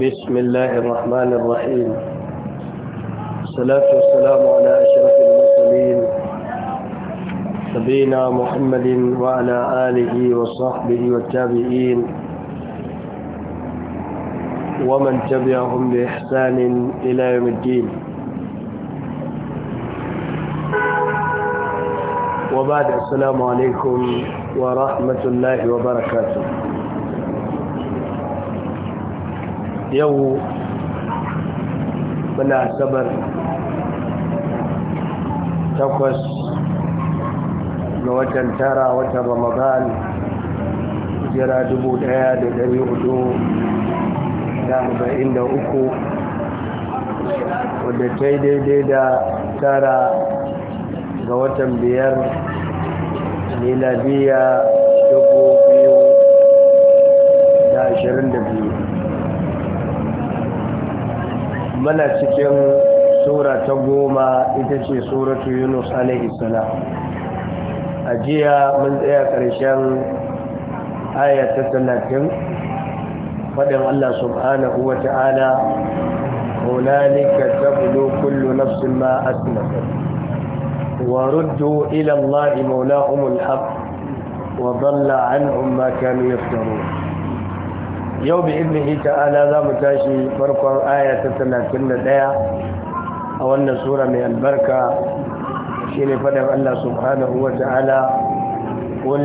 بسم الله الرحمن الرحيم الصلاة والسلام على أشرف المرسلين نبينا محمد وعلى آله وصحبه والتابعين ومن تبعهم بإحسان إلى يوم الدين وبعد السلام عليكم ورحمة الله وبركاته yau muna sabar takwas ga watan tara wata ramadan jira dubu ɗaya da dari hudu da arba'in da uku wadda ta yi daidai da tara ga watan biyar miladiya dubu biyu da ashirin da biyu muna cikin sura ta goma ita ce suratu yunus alaihissalam a jiya mun tsaya ƙarshen ayata talatin faɗin allah subhanahu wa ta'ala hunalika tablu kullu nafsin ma asnafat wa ruddu ila allahi maulahumul haqq wa dhalla anhum ma kanu yaftarun yau bi iznihi ta'ala za mu tashi farkon aya ta 31 a wannan sura mai albarka Shi ne faɗin Allah subhanahu wa ta'ala qul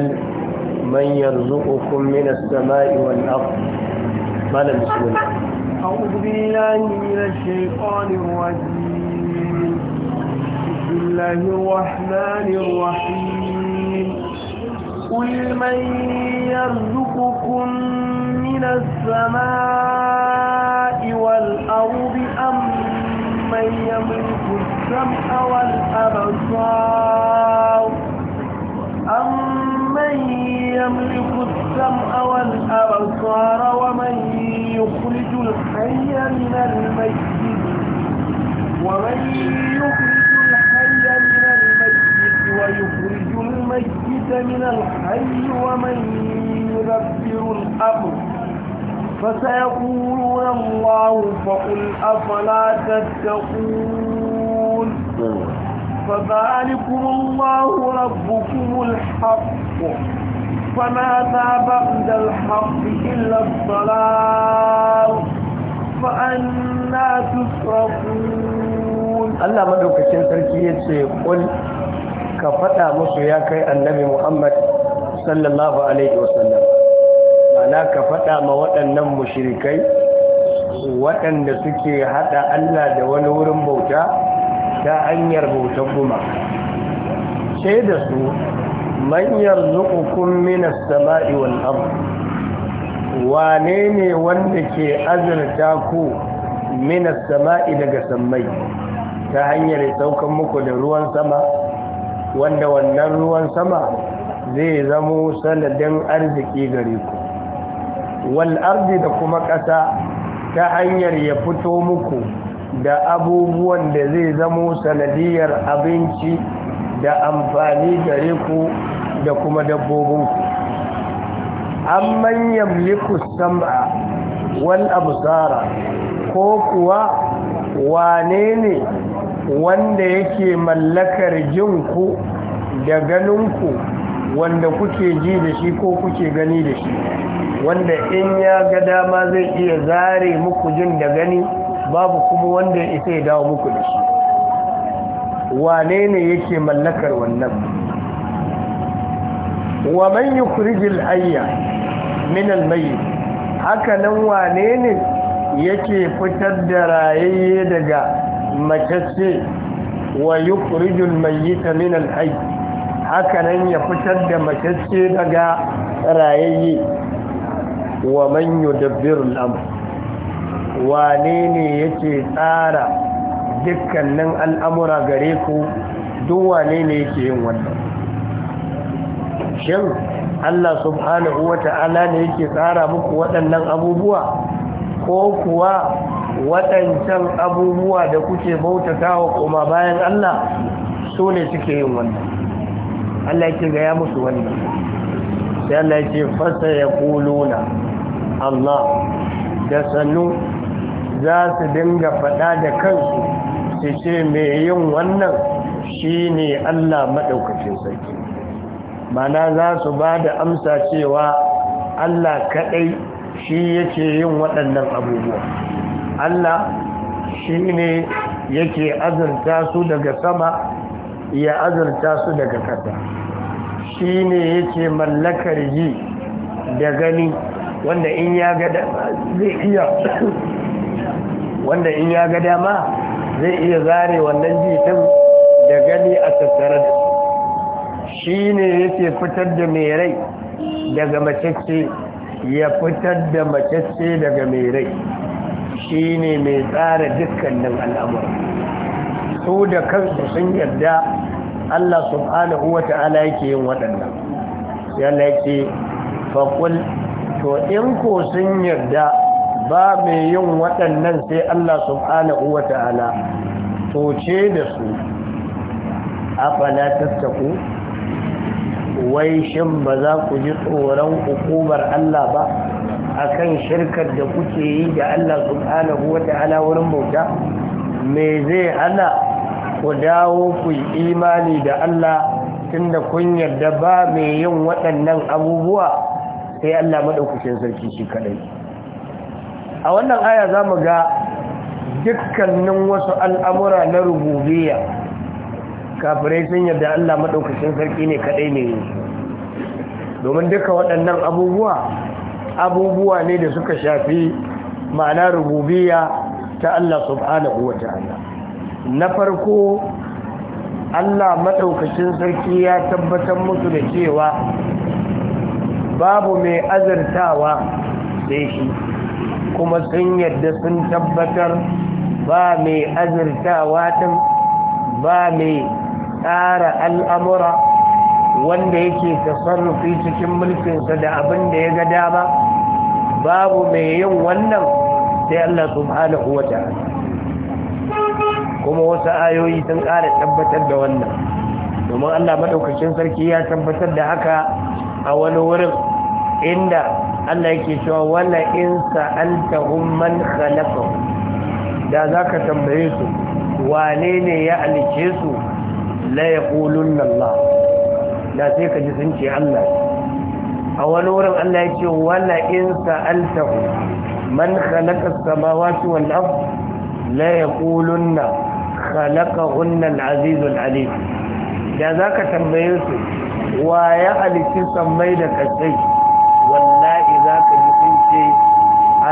man yarzuqukum min as-sama'i wal ard bala bismillah a'udhu billahi minash shaitanir rajim bismillahir rahmanir rahim qul man yarzuqukum من السماء والأرض أم من يملك السمع والأبصار أمن يملك السمع والأبصار ومن يخرج الحي من الميت ومن يخرج الحي من الميت ويخرج الميت من الحي ومن يدبر الأمر فسيقولون الله فقل أفلا تتقون فذلكم الله ربكم الحق فماذا بعد الحق إلا الضلال فأنا تصرفون الله مدوك الشيطان يقول ka faɗa musu ya kai annabi Muhammad sallallahu Alaihi wasallam ma'ana ka faɗa ma waɗannan mushirikai waɗanda suke haɗa Allah da wani wurin bauta ta hanyar bautan kuma sai da su man yarzuqukum minas sama'i wal ard wane ne wanda ke azurta ku minas sama'i daga sammai ta hanyar saukan muku da ruwan sama wanda wannan ruwan sama zai zamo sanadin arziki gare ku wal da kuma ƙasa ta hanyar ya fito muku da abubuwan da zai zamo sanadiyar abinci da amfani gare ku da kuma dabbobinku manyan yamliku sam'a wal absara ko kuwa wane ne wanda yake mallakar jinku da ganinku wanda kuke ji da shi ko kuke gani da shi wanda in ya ga dama zai iya zare muku jin da gani babu kuma wanda ya isa ya dawo muku da shi wane ne yake mallakar wannan wa man yukhrijul hayya min al mayyit haka nan wane ne yake fitar da rayayye daga mace ce? wa yukhrijul mayyita min al hayy hakanan ya fitar da matacce daga rayayye wa man yudabbir al'amr wane ne yake tsara dukkanin al'amura gare ku duk wane ne yake yin wannan shin Allah subhanahu wata'ala ne yake tsara muku waɗannan abubuwa ko kuwa waɗancan abubuwa da kuke bautatawa kuma bayan Allah su ne suke yin wannan Allah yake ga ya musu wannan sai Allah yake fasa ya kuluna Allah da sanu za su dinga faɗa da kansu su ce mai yin wannan shi ne Allah maɗaukacin sarki mana za su ba da amsa cewa Allah kaɗai shi yake yin waɗannan abubuwa Allah shi ne yake azurta su daga sama ya azurta su daga kasa shi ne yake mallakar yi da gani wanda in ya ga dama zai iya zare wannan jitin da gani a tattare da su, shi ne yake fitar da mai rai daga macece ya fitar da macece daga mai rai shi ne mai tsara dukkanin alamu. su da kansu sun yarda Allah subhanahu wa ta'ala yake yin waɗannan yana yake faƙul to in ko sun yarda ba mai yin waɗannan sai Allah subhanahu wa ta'ala to ce da su afala tattaku wai shin ba za ku ji tsoron hukumar Allah ba akan shirkar da kuke yi da Allah subhanahu wa ta'ala wurin bauta me zai hana ku dawo ku yi imani da Allah tunda kun yarda ba mai yin waɗannan abubuwa sai Allah maɗaukacin sarki shi kaɗai a wannan aya za mu ga dukkanin wasu al'amura na rububiya kafirai sun yarda Allah maɗaukacin sarki ne kaɗai ne domin duka waɗannan abubuwa abubuwa ne da suka shafi ma'ana rububiya ta Allah subhanahu wa ta'ala na farko Allah maɗaukacin sarki ya tabbatar musu da cewa babu mai azartawa sai shi kuma sun yadda sun tabbatar ba mai azartawa ɗin ba mai tsara al'amura wanda yake tasarrufi cikin mulkinsa da abin da ya ga dama babu mai yin wannan sai Allah subhanahu wa ta'ala kuma wasu ayoyi sun ƙara tabbatar da wannan domin Allah madaukakin sarki ya tabbatar da haka a wani wurin inda Allah yake cewa wala in sa'altahum man khalaqahum da zaka tambaye su wane ne ya alice su la yaqulunna Allah da sai ka ji sun ce Allah a wani wurin Allah ya ce wala in sa'altahum man khalaqa as-samawati wal ardh la yaqulunna khalaqahunna al-azizul alim da zaka tambaye su wa ya halitti sammai da kasai wallahi zaka ji sun ce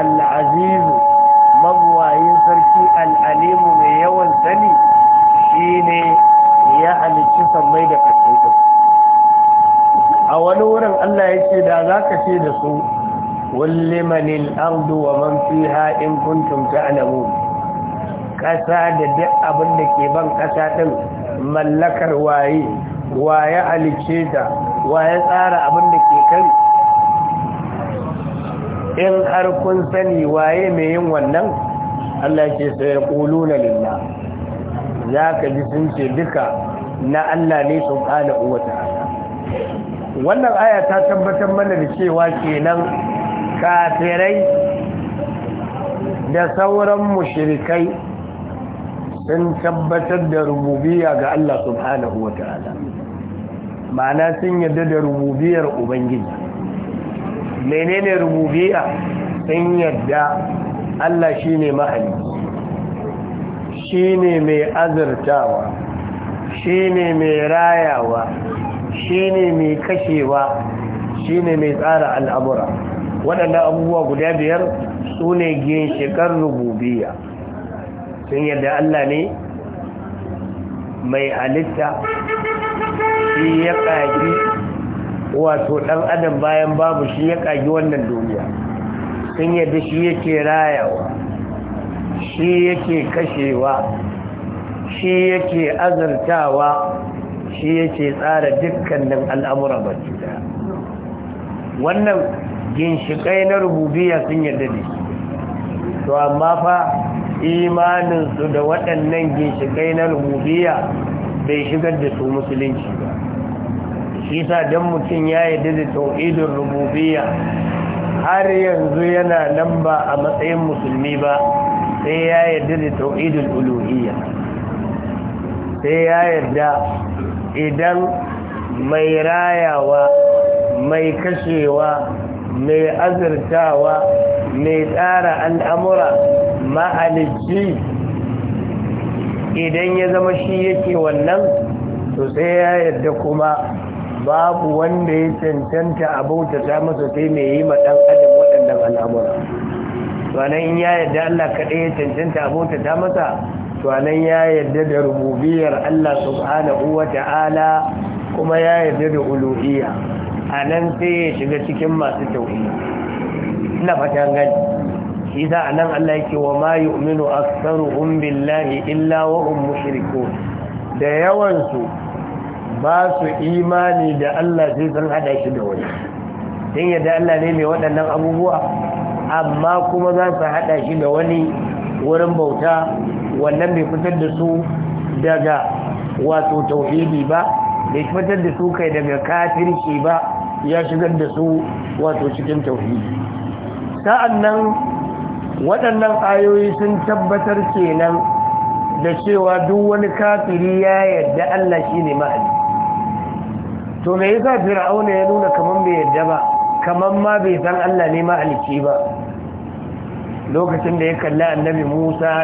al-aziz mabwayin sarki al mai yawan sani shine ya halitti sammai da kasai a wani wurin Allah ce da zaka ce da su wal limanil ardu wa man fiha in kuntum ta'lamun ƙasa da duk abin da ke ban ƙasa ɗin mallakar waye waye halicce ta waye tsara abin da ke kan in har kun sani waye mai yin wannan Allah ke sai kuluna lillah za ka ji sun ce duka na Allah ne sun ƙana uwata wannan aya ta tabbatar mana da cewa kenan kafirai da sauran mushrikai sun tabbatar da rububiyya ga Allah subhanahu wa ta'ala ma'ana sun yadda da rububiyar ubangiji menene rububiya sun yadda Allah shine Shi shine mai azurtawa shine mai rayawa shine mai kashewa shine mai tsara al'amura waɗannan abubuwa guda biyar su ne ginshiƙar rububiya sun yadda Allah ne mai halitta shi ya ƙagi wato ɗan adam bayan babu shi ya ƙagi wannan duniya sun yadda shi yake rayawa shi yake kashewa shi yake azartawa shi yake tsara dukkanin al'amura baki da wannan ginshiƙai na rububiya sun yadda ne to amma fa imaninsu da waɗannan ginshikai na rububiya bai shigar da su musulunci ba shi sa don mutum ya yi da tauhidin rububiya har yanzu yana nan ba a matsayin musulmi ba sai ya yi da tauhidin uluhiya sai ya yarda idan mai rayawa mai kashewa mai azurtawa mai tsara al'amura mahalicci idan ya zama shi yake wannan to sai ya yarda kuma babu wanda ya cancanta a bautata masa sai mai yi ma adam waɗannan al'amura tsanan in ya yarda Allah kaɗai ya cancanta a bautata masa tsanan ya yarda da rububiyar Allah subhanahu wa ta'ala kuma ya yarda da uluhiyya a nan sai ya shiga cikin masu tauri na fatan gani shi za a nan Allah yake wa ma yu'minu aksaru, billahi illa wa hum da yawansu ba su imani da Allah sai sun hada shi da wani din yadda Allah ne mai waɗannan abubuwa amma kuma za su hada shi da wani wurin bauta wannan bai fitar da su daga wato tauhidi ba bai fitar da su kai daga kafirci ba ya shigar da su wato cikin tauhidi sa'annan waɗannan ayoyi sun tabbatar kenan da cewa duk wani kafiri ya yarda Allah shi ne ma'ali to me yasa fir'auna ya nuna kaman bai yarda ba kaman ma bai san Allah ne ma'alici ba lokacin da ya kalli annabi Musa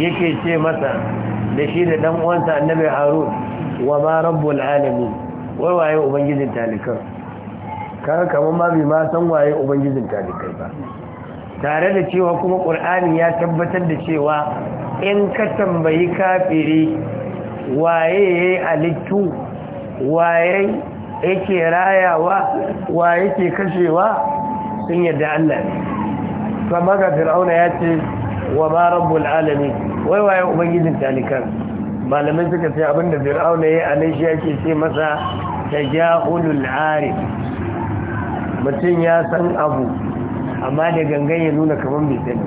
yake ce masa da shi da dan uwansa annabi Harun wa ma rabbul alamin wai waye ubangijin talikan kaga kaman ma bai ma san waye ubangijin talikai ba tare da cewa kuma ƙur'ani ya tabbatar da cewa in ka tambayi kafiri waye ya yi alittu waye yake rayawa waye ke kashewa sun yadda Allah ne kama ga fir'auna ya ce wa ma rabbul alami wai waye ubangijin talikan malamai suka ce abinda fir'auna ya yi a nan shi yake ce masa tajahulul arif mutum ya san abu amma da gangan ya nuna kamar bai sani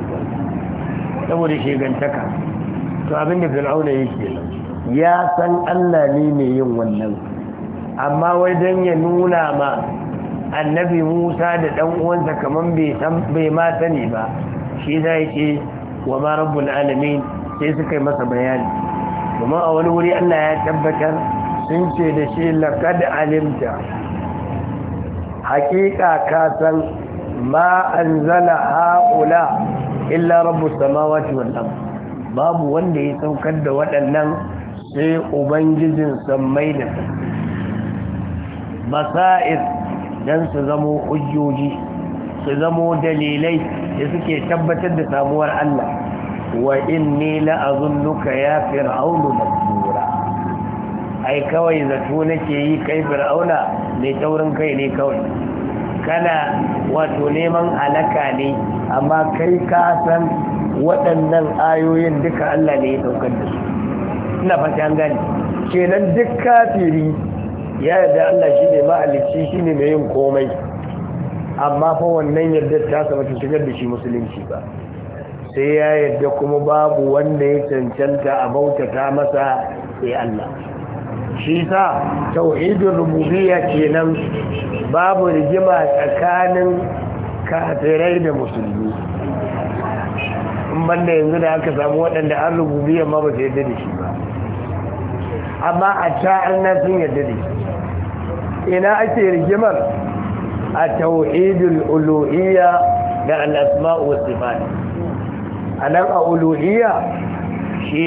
saboda shegantaka to abin da fir'auna yake ya san Allah ne mai yin wannan amma wai ya nuna ma annabi Musa da dan uwansa kamar bai ma sani ba shi da yake wa ma rabbul alamin sai suka yi masa bayani kuma a wani wuri Allah ya tabbatar sun ce da shi laqad alimta haƙiƙa ka san ma anzala haula illa rabu samawa wal ard babu wanda ya saukar da waɗannan sai ubangijin sammai da Masa'ir, don su zamo hujjoji su zamo dalilai da suke tabbatar da samuwar Allah wa inni nuka ya fir'aunu masura ai kawai zato nake yi kai fir'auna mai taurin kai ne kawai kana wato neman alaka ne amma kai ka san waɗannan ayoyin duka Allah ne ya saukar da su ina fata an gani kenan duk kafiri ya yarda Allah shi ne ma'alici shi ne mai yin komai amma fa wannan yarda ta saba ta shigar da shi musulunci ba sai ya yarda kuma babu wanda ya cancanta a bautata masa sai Allah shi sa tauhidin rububiyya kenan babu rigima tsakanin kafirai da musulmi in banda yanzu da aka samu waɗanda an rububiyya ma ba su yadda shi ba amma a ta'ar na sun yadda da ina ake rigimar a tauhidul uluhiyya da al'asma'u wasu a nan a uluhiyya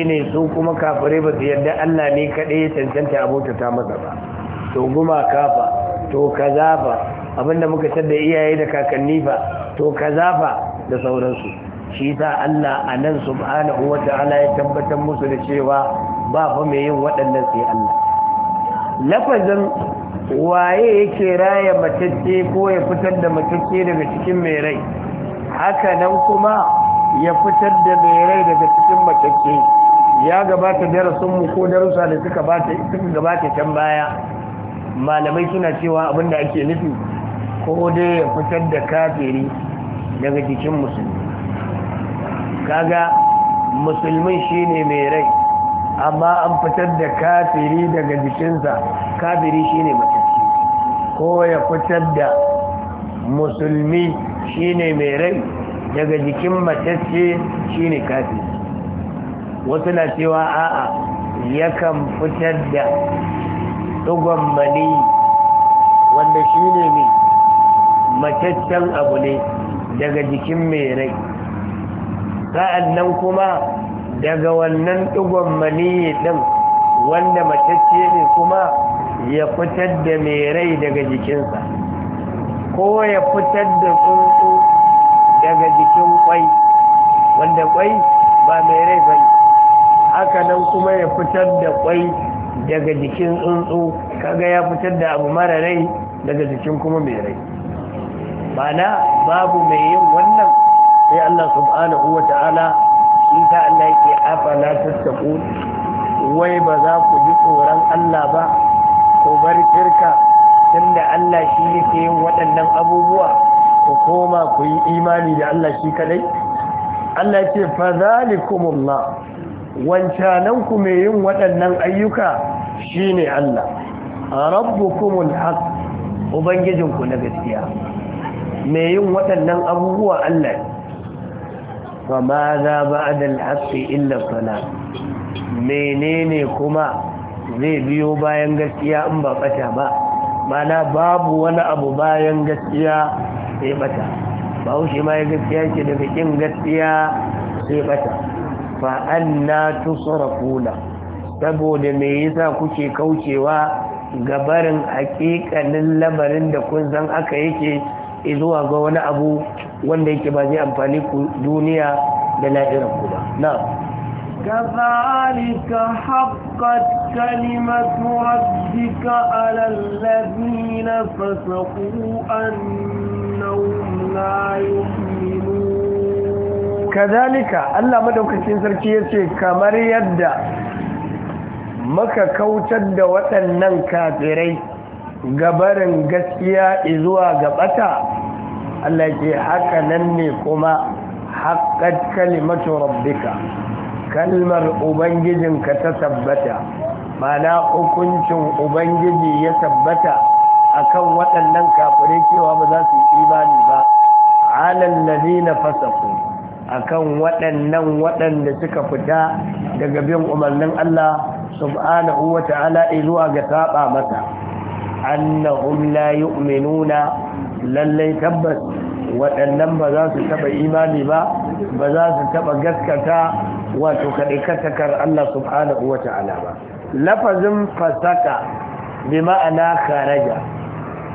ne su kuma kafare ba su yarda Allah ne kaɗai ya cancanta abota ta masa ba to guma ba to kaza ba abinda muka tadda iyaye da kakanni ba to kaza ba da sauransu shi ta Allah a nan subhanahu ta'ala ya tabbatar musu da cewa ba fa mai yin waɗannan sai Allah lafazin waye yake raya matacce ko ya fitar da matacce daga cikin mai rai haka nan kuma ya fitar da mai rai daga cikin matacce ya gabata mu ko darussa da suka gabata can baya malamai suna cewa abinda ake nufi ko dai ya fitar da kafiri daga jikin musulmi kaga musulmi shine mai rai amma an fitar da kafiri daga jikinsa kafiri shine matacce ko ya fitar da musulmi shine mai rai daga jikin matacce shine kafin wasu na cewa a'a yakan fitar da dugon mani wanda shine ne mataccen abu ne daga jikin mai rai sa'annan kuma daga wannan dugon mani din wanda matacce ne kuma ya fitar da mai rai daga jikinsa ko ya fitar da tsuntsu daga jikin kwai wanda kwai ba mai rai ba haka nan kuma ya fitar da kwai daga jikin tsuntsu kaga ya fitar da abu mara rai daga jikin kuma mai rai na babu mai yin wannan sai Allah subhanahu wa ta'ala shi ta Allah yake na tattaku wai ba za ku ji tsoron Allah ba ko bar shirka da Allah shi yake yin waɗannan abubuwa ku koma ku yi imani da Allah shi kadai Allah ce fa zalikumullah wancanan ku mai yin waɗannan ayyuka shine Allah rabbukumul haq ubangijin ku na gaskiya mai yin waɗannan abubuwa Allah fa ma za ba'da al-haqq illa salat menene kuma zai biyo bayan gaskiya in ba fata ba mana babu wani abu bayan gaskiya sai bata bahaushe ma ya gaskiya ce daga kin gaskiya sai bata fa anna tusrafuna saboda me yasa kuke kaucewa gabarin hakikanin lamarin da kun san aka yake zuwa ga wani abu wanda yake ba zai amfani ku duniya da la'irar ku ba na كذلك حقت كلمة ربك على الذين فسقوا أن فإنهم allah يؤمنون sarki yace kamar yadda maka kautar da waɗannan kafirai gabarin gaskiya zuwa ga bata Allah ke haka nan ne kuma haƙƙat kalimatu rabbika kalmar ubangijinka ta tabbata mana hukuncin ubangiji ya tabbata akan waɗannan kafirai cewa ba za su imani ba na ladina akan waɗannan waɗanda suka fita daga bin umarnin Allah subhanahu wa ta'ala zuwa ga saba mata annahum la yu'minuna lallai tabbas waɗannan ba za su taɓa imani ba ba za su taɓa gaskata wato kaɗaikatakar Allah subhanahu wa ta'ala ba lafazin fasaka bi ma'ana kharaja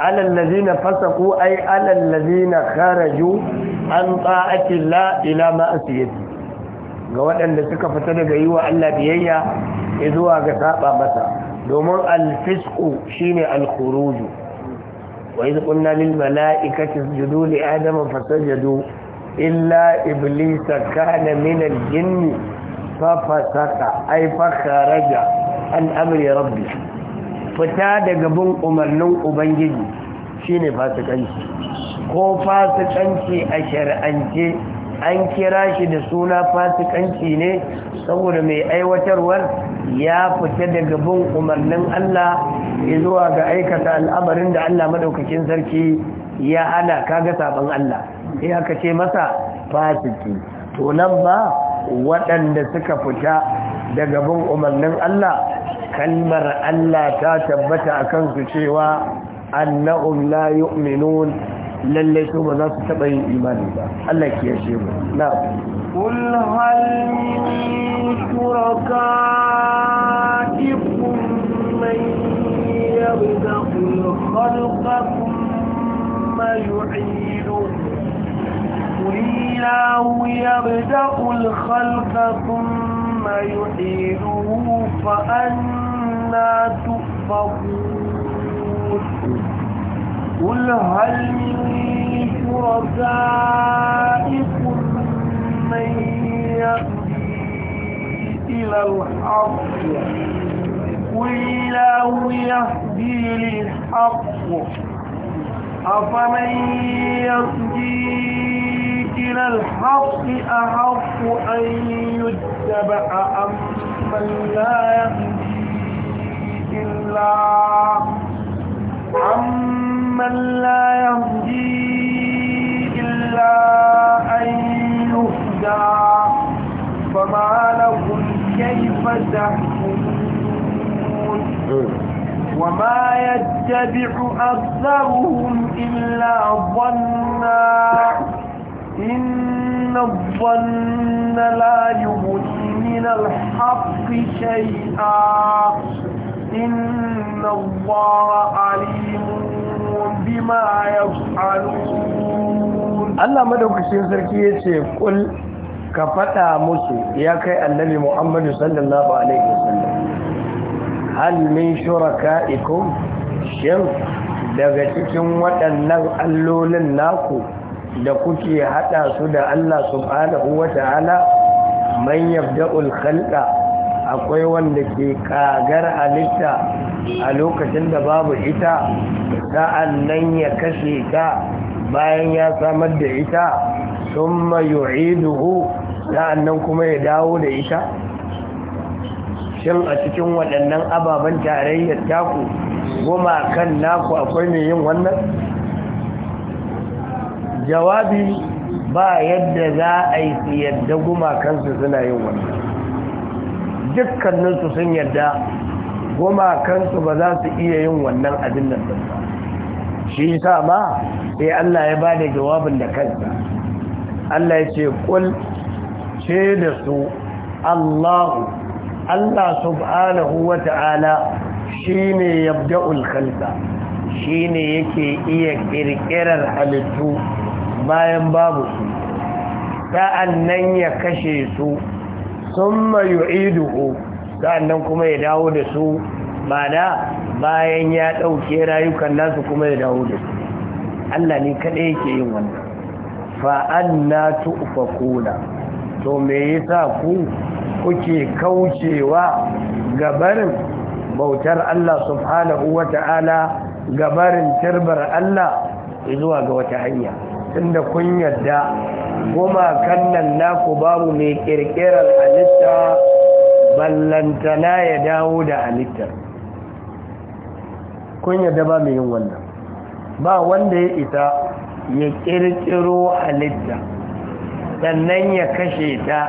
alal ladina fasaqu ay alal ladina kharaju an ta'ati la ila ma'asiyati ga waɗanda suka fita daga yi wa Allah biyayya zuwa ga saba masa domin alfisku shine alkhuruju wa idh qulna lil mala'ikati isjudu li adama fasajadu illa iblisa kana min al fa fasaka ay fa kharaja an amri rabbih fita daga bin umarnin ubangiji shi ne fasikanci ko fasikanci a shari'ance an kira shi da suna fasikanci ne saboda mai aiwatarwar ya fita daga bin umarnin Allah zuwa ga aikata al'amarin da Allah maɗaukakin sarki ya hana kaga sabon Allah Ya kace masa fasiki to nan ba waɗanda suka fita daga bin umarnin Allah kalmar Allah ta tabbata a kansu cewa annahum la yu'minun lalle su ba za su taɓa yin imani ba Allah ke yashe mu na kul hal من شركائكم من يبدأ الخلق khalqakum ma yu'idu الله يبدأ الخلق khalqakum ثم يعيده فأنا تؤفقون قل هل من شركائكم من يهدي إلى الحق قل الله يهدي للحق أفمن يرجي إلى الحق أحق أن يتبع أم من لا يهدي إلا من لا يهدي إلا أن يهدى فما لهم كيف تحكمون وما يتبع أكثرهم إلا ظنا إن الظن لا يغني من الحق شيئا إن الله عليم بما يفعلون الله مدوكسين سركية قل ka faɗa musu ya kai annabi muhammadu sallallahu alaihi wasallam hal min shuraka'ikum shin daga cikin waɗannan allolin naku da kuke haɗa su da Allah subhanahu wata'ala man yabda'ul khalqa akwai wanda ke kagar halitta a lokacin da babu ita sa'an nan ya kashe ta bayan ya samar da ita summa ma yu'iduhu sa'annan nan kuma ya dawo da ita shin a cikin waɗannan ababen tarayyar taku goma kan naku akwai mai yin wannan jawabi ba yadda za a yi su yadda gumakansu suna yin wannan dukkaninsu sun yadda gumakansu ba za su iya yin wannan abin nan ba shi sa ma sai Allah ya ba da jawabin da kansa Allah ya ce kul ce da su Allahu Allah subhanahu wa ta'ala shi ne yabda'ul khalqa shi ne yake iya ƙirƙirar halittu bayan babu su sa'annan ya kashe su sun mayu iduhu sa'annan kuma ya dawo da su bayan ya ɗauke rayukan nasu kuma ya dawo da su Allah ne kaɗai yake yin wannan fa'an na tu'ufa kuna to me yasa ku kuke kaucewa gabarin bautar Allah subhanahu wa ta'ala gabarin tarbar Allah zuwa ga wata hanya tunda kun yadda gumakan nan naku babu mai kirkirar halitta ballantana ya dawo da halittar kun yadda ba mai yin wannan ba wanda ya isa ya kirkiro halitta sannan ya kashe ta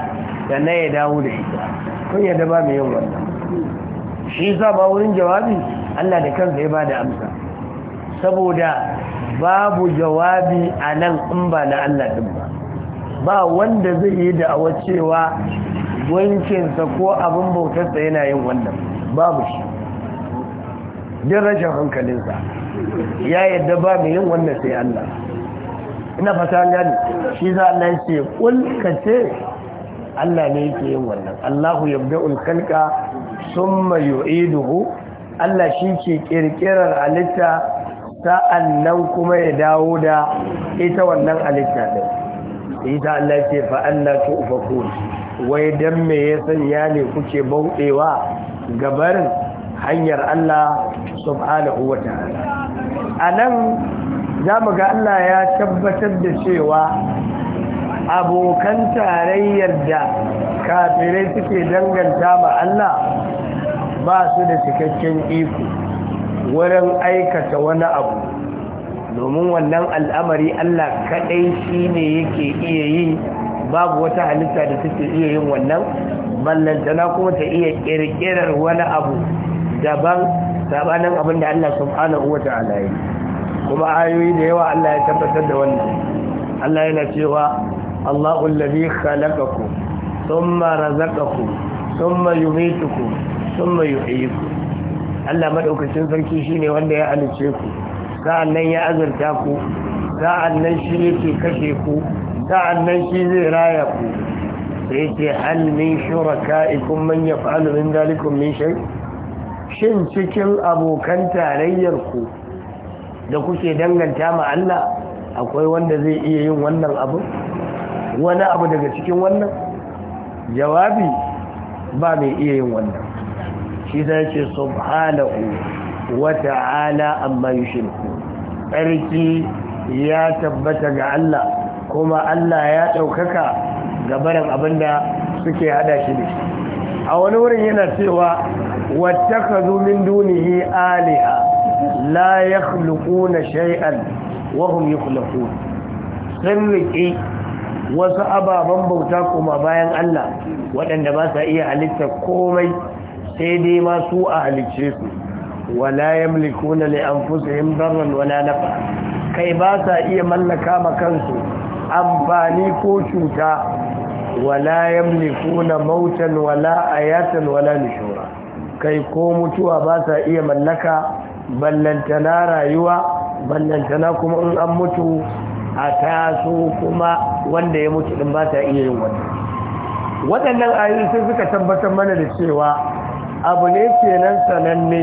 sannan ya dawo da ita kun yadda ba mai yin wannan shi za ba wurin jawabi Allah da kansa ya bada amsa saboda babu jawabi a nan in ba na Allah din ba ba wanda zai yi da awa cewa wankinsa ko abin bautarsa yana yin wannan babu shi din rashin hankalinsa ya yadda ba mai yin wannan sai Allah ina fasa gani shi za Allah ya ce kul Allah ne yake yin wannan Allahu yabda'ul khalqa summa yu'iduhu Allah shi ke kirkirar halitta sa'annan kuma ya dawo da ita wannan halitta din ita Allah ce fa Allah tufakun wai dan me ya sanya ne kuke bauɗewa gabar hanyar Allah subhanahu wataala anan zamu ga Allah ya tabbatar da cewa abokan tarayyar da kafirai suke danganta ma Allah ba su da cikakken iko wurin aikata wani abu domin wannan al'amari Allah kaɗai shi ne yake iya yi babu wata halitta da take iya yin wannan ballantana kuma ta iya ƙirƙirar wani abu daban sabanin abin da Allah subhanahu wa ta'ala yi kuma ayoyi da yawa Allah ya tabbatar da wannan Allah yana cewa الله الذي خلقكم ثم رزقكم ثم يميتكم ثم يحييكم Allah madaukakin sarki shine wanda ya alice ku sa'annan ya azurta ku sa'annan shi yake kashe ku sa'annan shi zai raya ku sai ce hal min shuraka'ikum man yaf'alu min dalikum min shay shin cikin abokan tarayyar ku da kuke danganta ma Allah akwai wanda zai iya yin wannan abu wani abu daga cikin wannan jawabi ba mai iya yin wannan shi zai ce subhanahu wata ta'ala amma yushriku tsarki ya tabbata ga Allah kuma Allah ya ɗaukaka ga abinda suke hada shi da shi a wani wurin yana cewa wattakazu min dunihi aliha la na shai'ar, wa hum yakhluqun sun riƙe wasu ababen bauta kuma bayan Allah waɗanda ba sa iya halitta komai sai dai masu a halicce su wala yamlikuna li anfusihim darran wala nafa kai ba sa iya mallaka ma kansu amfani ko cuta wala yamlikuna mautan wala ayatan wala nushura kai ko mutuwa ba sa iya mallaka ballantana rayuwa ballantana kuma in an mutu a taso kuma wanda ya mutu din ba ta iya yin wannan waɗannan ayoyi sun suka tabbatar mana da cewa abu ne kenan sananne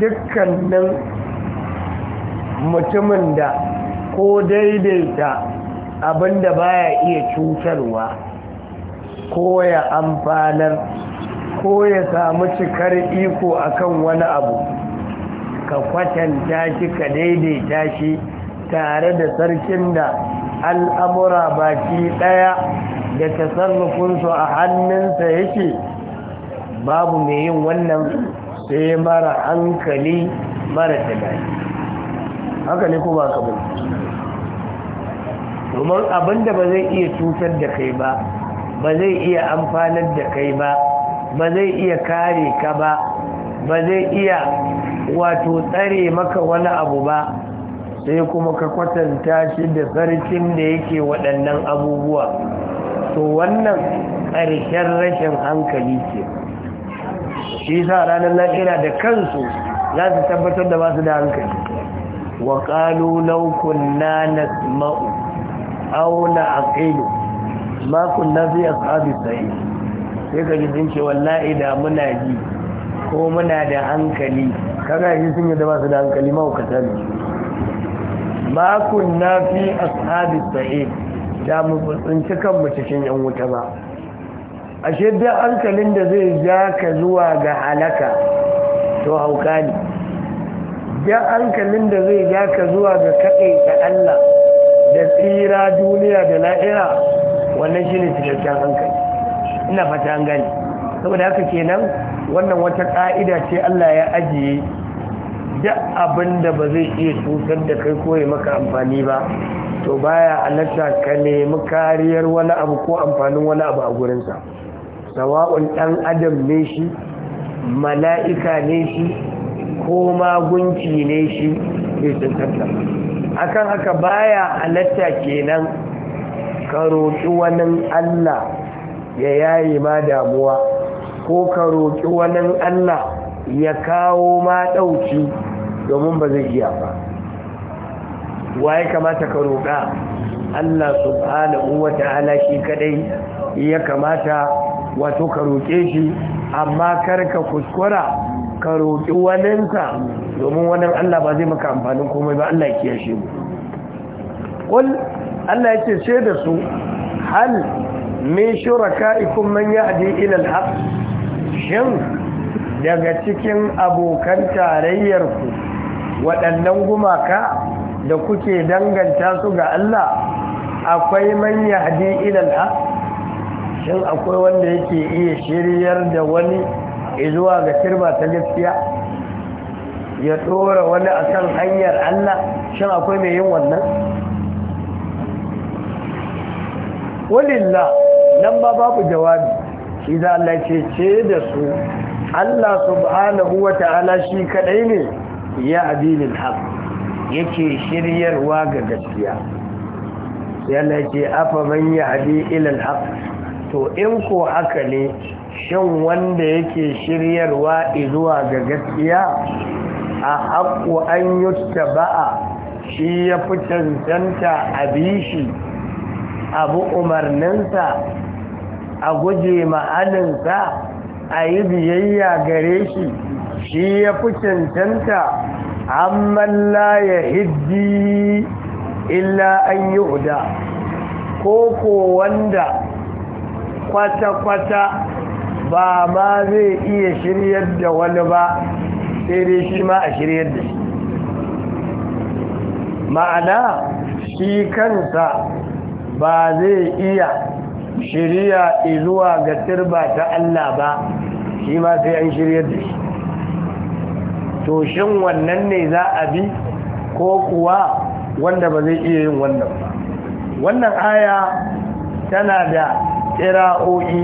dukkanin mutumin da ko daidaita abin da baya iya cutarwa ko ya amfanar ko ya samu cikar iko akan wani abu ka kwatanta shi ka daidaita shi tare da sarkin da al'amura baki ɗaya da ta sarrafinsu a hannunsa yake babu mai yin wannan sai mara hankali mara tunani haka ne ko ba ka bin domin abinda ba zai iya cutar da kai ba ba zai iya amfanar da kai ba ba zai iya kare ka ba ba zai iya wato tsare maka wani abu ba sai kuma ka kwatanta shi da sarkin da yake waɗannan abubuwa to wannan ƙarshen rashin hankali ce shi sa ranar lafiya da kansu za su tabbatar da basu da hankali wa ƙalu laukun na nasma'u au na aƙilu makon na zai a sabi sai sai ka jisun ce wallahi da muna ji ko muna da hankali kaga shi sun yi da basu da hankali mahaukata ne ma nafi fi ashabi sa'id da mu kanmu cikin yan wuta ba ashe duk hankalin da zai ja ka zuwa ga halaka to hauka ne duk hankalin da zai ja ka zuwa ga kaɗai da Allah da tsira duniya da la'ira wannan shi ne cikakken hankali ina fata an gani saboda haka kenan wannan wata ƙa'ida ce Allah ya ajiye duk abin da ba zai iya cutar da kai koyi maka amfani ba to baya alatta ka nemi kariyar wani abu ko amfanin wani abu a gurinsa sawa'un ɗan adam ne shi mala'ika ne shi ko magunci ne shi bai tsantsa akan haka baya alatta kenan ka roƙi wani allah ya yayi ma damuwa ko ka roƙi wani allah ya kawo ma ɗauki domin ba zai iya ba waye kamata ka roƙa Allah subhanahu wa ta'ala shi kadai ya kamata wato ka roƙe shi amma kar ka kuskura ka roƙi waninsa domin wannan Allah ba zai maka amfanin komai ba Allah ya kiyashe mu qul Allah yake ce da su hal min shuraka'ikum man yahdi ila al-haq shin daga cikin abokan tarayyar ku waɗannan gumaka da kuke danganta su ga Allah akwai man haɗe ilal ha? shin akwai wanda yake iya shiryar da wani zuwa ga shirba ta gaskiya ya tsora wani akan hanyar Allah shin akwai mai yin wannan walillah nan ba babu jawabi shi za Allah ce da su Allah subhanahu wa ta'ala shi kadai ne ya adilil haq yake shiryarwa ga gaskiya yana ce afa man ya hadi haq to in ko haka ne shin wanda yake shiryarwa zuwa ga gaskiya a haƙo an yutta ba'a shi ya fi cancanta a bishi abu umarninsa a guje ma'aninsa a yi biyayya gare shi shi ya fi cancanta amman la ya hijji illa an yi huda ko ko wanda kwata-kwata ba ma zai iya shiryar da wani ba sai dai shi ma a shiryar da shi ma'ana shi kansa ba zai iya shirya izuwa ga turba ta Allah ba shi ma sai an shiryar da shi to shin wannan ne za a bi ko kuwa wanda ba zai iya yin wannan ba wannan aya tana da ƙira'o'i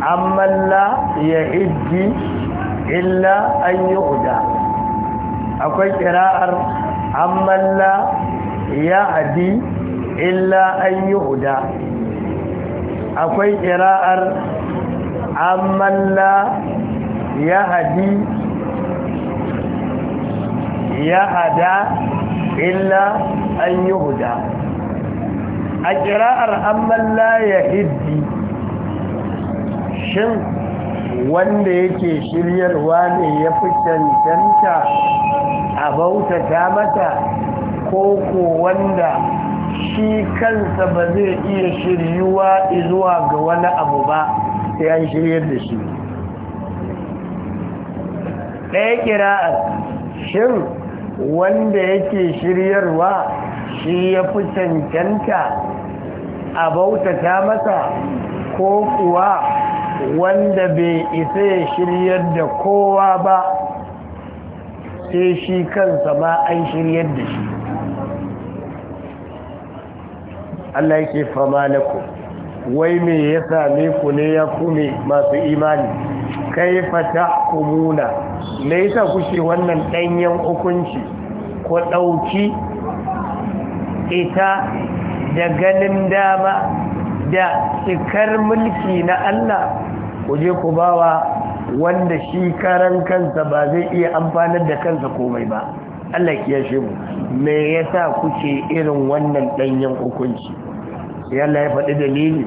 amma la ya iji illa an yi huda akwai ƙira'ar amma la ya adi illa an yi huda akwai ƙira'ar amma la ya adi. ya yahada illa an huda. a kira'ar amman ya hiddi, shin wanda yake shiryarwa ne ya fi cancanta a bautata mata ko ko wanda shi kansa ba zai iya shiryuwa zuwa ga wani abu ba sai an shiryar da shi ɗaya kira'ar shin wanda yake shiryarwa shi ya fi cancanta a bautata masa ko kuwa wanda bai isa ya shiryar da kowa ba sai shi kansa ma an shiryar da shi Allah yake fama na ku wai me ya same ku ne ya kume masu imani kaifa tahkumuna me yasa kuke wannan danyen hukunci ko ɗauki ita da ganin dama da cikar mulki na Allah ku je ku bawa wanda shi karan kansa ba zai iya amfanar da kansa komai ba Allah ya shi mu me yasa kuke irin wannan danyen hukunci sai Allah ya faɗi dalili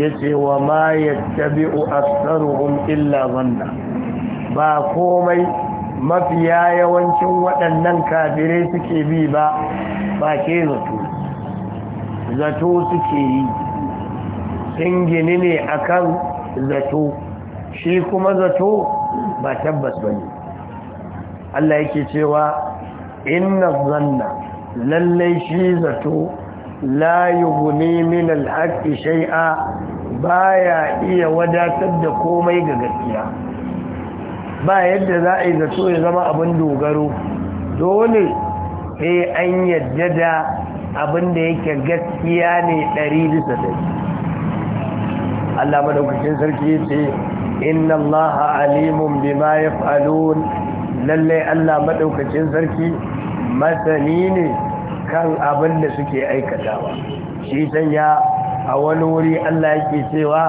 yace wa ma yattabi'u aktharuhum illa zanna ba komai mafiya yawancin waɗannan kafirai suke bi ba ba ke zato zato suke yi sun gini ne akan zato shi kuma zato ba tabbas bane Allah yake cewa inna zanna lallai shi zato la yughni min al shai'a ba baya iya wadatar da komai ga gaskiya ba yadda za a yi zato ya zama abin dogaro dole sai an yadda da abin da yake gaskiya ne ɗari bisa ɗari Allah madaukakin sarki ce inna Allah alimun bima ya falu lallai Allah madaukakin sarki masani ne kan abin da suke aikatawa shi sanya a wani wuri Allah yake cewa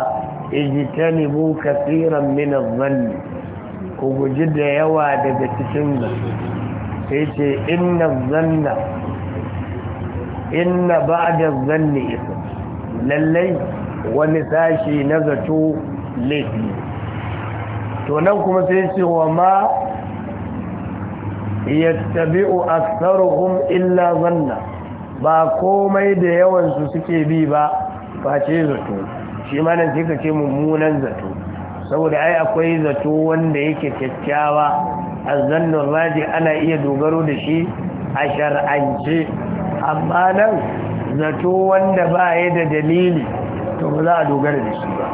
ijtanibu kaseeran min adh-dhann ku guji da yawa daga cikin nan sai ce inna dhanna inna ba'da dhanni ithm lallai wani sashi na zato laifi to nan kuma sai ce wa ma yattabi'u aktharuhum illa zanna ba komai da yawan su suke bi ba face zato shi ma nan sai ce mummunan zato saboda ai akwai zato wanda yake kyakkyawa azzannun raji ana iya dogaro da shi a shar'ance amma nan zato wanda ba ya da dalili to ba za a dogara da shi ba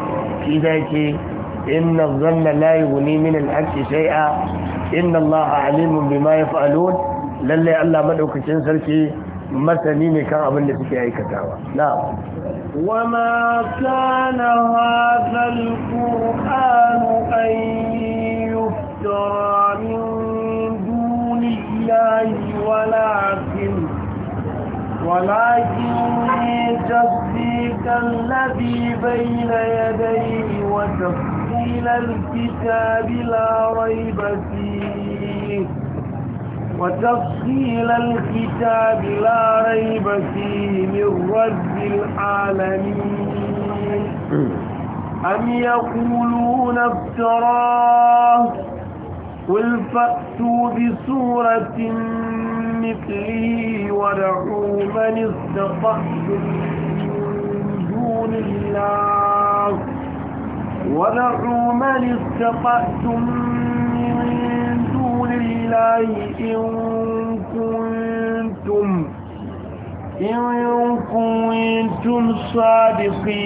shi da ke inna zanna la yughni min al-haqqi shay'a inna allaha alimun bima allo lalle Allah maɗaukacin sarki masani ne kan abin da suke aikatawa na'am wama kana hadha alquran an yuftara min dunillahi walakin ولكن تصديق الذي بين يديه wata. إلى الكتاب لا ريب فيه وتفصيل الكتاب لا ريب فيه من رب العالمين أم يقولون افتراه قل فأتوا بسورة مثله ودعوا من استطعتم من دون الله ونحو من استفأتم من دون الله إن كنتم Iyunkuwin tun sadi fi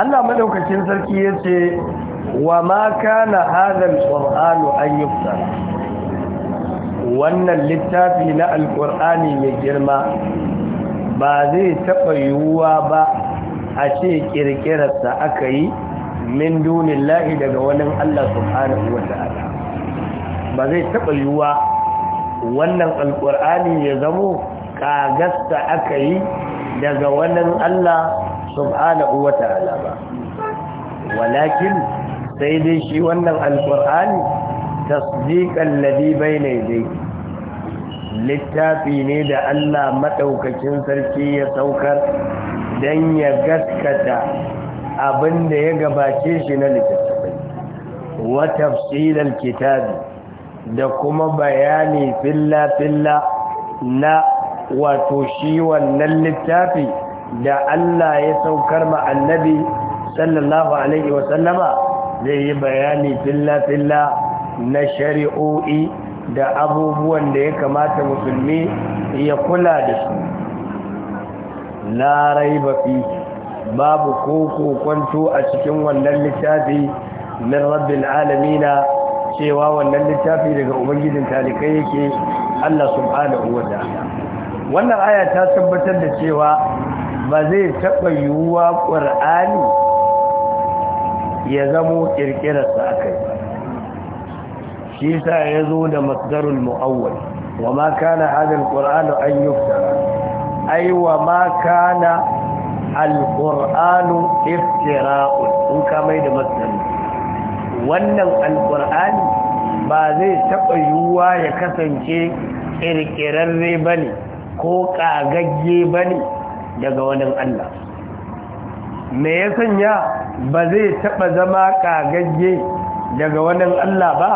Allah maɗaukacin sarki ya ce, Wa maka na hadar ƙwar'anu an Wannan littafi na Alƙur'ani mai girma ba zai taɓa yiwuwa ba a ce ƙirƙirarsa aka yi min lahi daga wani Allah subhanahu wa ta'ala ba zai taɓa yiwuwa wannan alƙur'ani ya zamo kagasta aka yi daga wani Allah subhanahu wa ta'ala ba walakin sai dai shi wannan alƙur'ani tasdiƙan ladhi bayna yadayhi littafi ne da Allah maɗaukacin sarki ya saukar don ya gaskata abin da ya gabace shi na littattafai wa tafsilal kitabi da kuma bayani filla-filla na wato shi wannan littafi da Allah ya saukar ma annabi sallallahu alaihi sallama, zai yi bayani filla-filla na shari'o'i da abubuwan da ya kamata musulmi ya kula da su larai ba fi babu koko kwanto a cikin wannan littafi min rabbil alamina cewa wannan littafi daga ubangijin talikai yake Allah subhanahu wa wannan aya ta tabbatar da cewa ba zai taɓa yiwuwa ƙur'ani ya zamo ƙirƙirarsa akai ba shi sa ya zo da masdarul mu'awwal wa ma kana hadal qur'anu an yuftara ay wa ma kana Alkur'anu iftira'un in ka mai da matsali wannan alƙur'ani ba zai taɓa yiwuwa ya kasance ƙirƙirarre ba ne ko ƙagagge ba ne daga wannan Allah me ya sanya ba zai taɓa zama ƙagagge daga wannan Allah ba